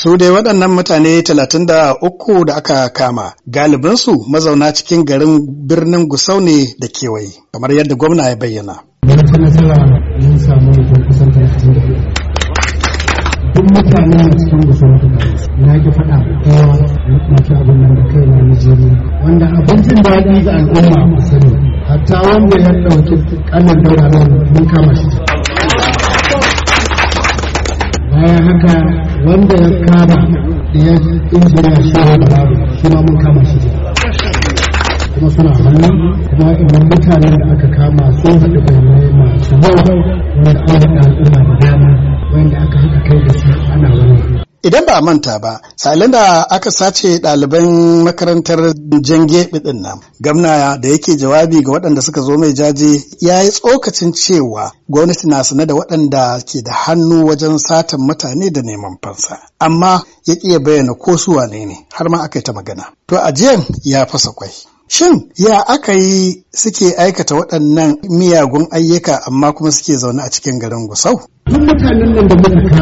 Su dai waɗannan mutane talatin da uku da aka kama galibinsu mazauna cikin garin birnin Gusau ne da kewaye, kamar yadda gwamna ya bayyana. duk mutane a cikin na ki faɗa kowa na ki abin nan da kai na wanda da ya ga al'umma a sani hatta wanda ya ɗauki ƙannan daura nan mun kama shi bayan haka wanda ya kama da ya injiniya shi ne da shi ma mun kama shi kuma suna hannu kuma imam mutanen da aka kama sun haɗu bayanai masu yau wanda an haɗa al'umma da dama Idan ba a manta ba, sa'ilin da aka sace ɗaliban makarantar jange ɗin nan, gamna da yake jawabi ga waɗanda suka zo mai jaje ya yi tsokacin cewa gwamnati na sane da waɗanda ke da hannu wajen satan mutane da neman fansa. Amma ya ƙi bayyana ko su wane ne, har ma aka yi ta magana. To ajiyan ya fasa kwai. Shin ya aka yi suke aikata waɗannan miyagun ayyuka amma kuma suke zaune a cikin garin Gusau? mutanen nan da muka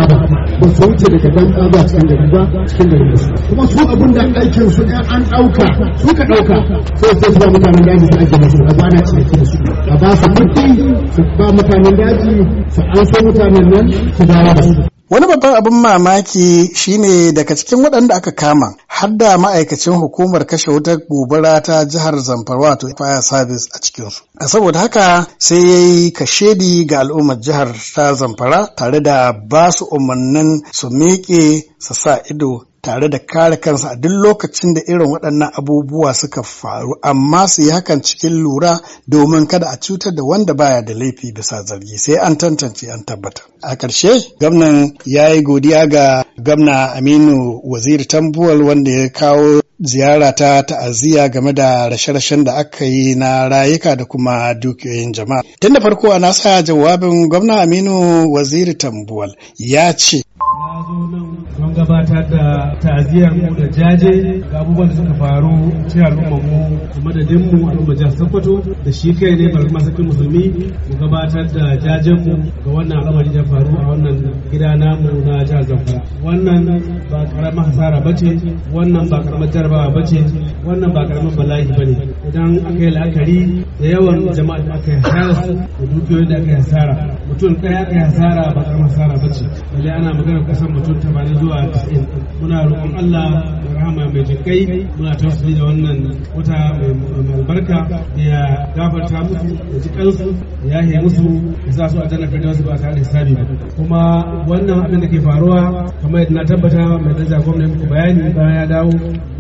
ba su wuce daga banka ba cikin gari ba cikin gari kuma su abun da aikin su ɗan an ɗauka su ka ɗauka sai sai su ba mutanen daji su ake musu a zana ce da su a ba su kuɗi su ba mutanen daji su an so mutanen nan su dawo da su Wani babban abin mamaki shine daga cikin waɗanda aka kama har da ma'aikacin hukumar kashe wutar gobara ta jihar Zamfara wato fire service a cikinsu. Saboda haka sai ya yi kashedi ga al'ummar jihar ta Zamfara tare da ba su umarnin su miƙe su sa ido tare da kare kansa a duk lokacin da irin waɗannan abubuwa suka faru amma su yi hakan cikin lura domin kada a cutar da wanda baya da laifi bisa zargi sai an tantance an tabbata a ƙarshe gwamnan ya yi godiya ga gwamna aminu waziri tambuwal wanda ya kawo ziyara ta ta'aziyya game da rashe-rashen da aka yi na rayuka da kuma dukiyoyin jama'a tun da farko a nasa jawabin gwamna aminu waziri tambuwal ya ce gabatar da ta'aziyar mu da jaje ga abubuwan da suka faru cikin al'ummar mu da madadin mu al'ummar jihar Sokoto da shi kai ne bar masakin musulmi mu gabatar da jajen mu ga wannan al'amari da faru a wannan gida namu na jihar Zamfara wannan ba karamar hasara bace wannan ba karamar jarabawa bace wannan ba karamar bala'i bane idan aka yi la'akari da yawan jama'a da aka yi hasara da dukiyoyin da aka yi hasara mutum ɗaya aka yi hasara ba karamar hasara bace balle ana magana kusan mutum 80 zuwa muna roƙon Allah da rahama mai jinkai muna tawassuli da wannan wata mai albarka ya gafarta musu ya ji kansu ya yahe musu ya sa su a jannar firdausi ba tare da hisabi ba kuma wannan abin da ke faruwa kamar yadda na tabbata mai daraja gwamnati muku bayani bayan ya dawo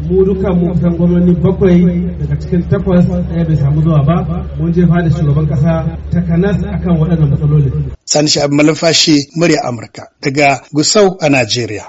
mu dukkan mu kusan gwamnati bakwai daga cikin takwas ɗaya bai samu zuwa ba mun je fada shugaban ƙasa ta kanas akan waɗannan matsalolin. Sani Sha'ib Malumfashi, murya Amurka, daga Gusau a Najeriya.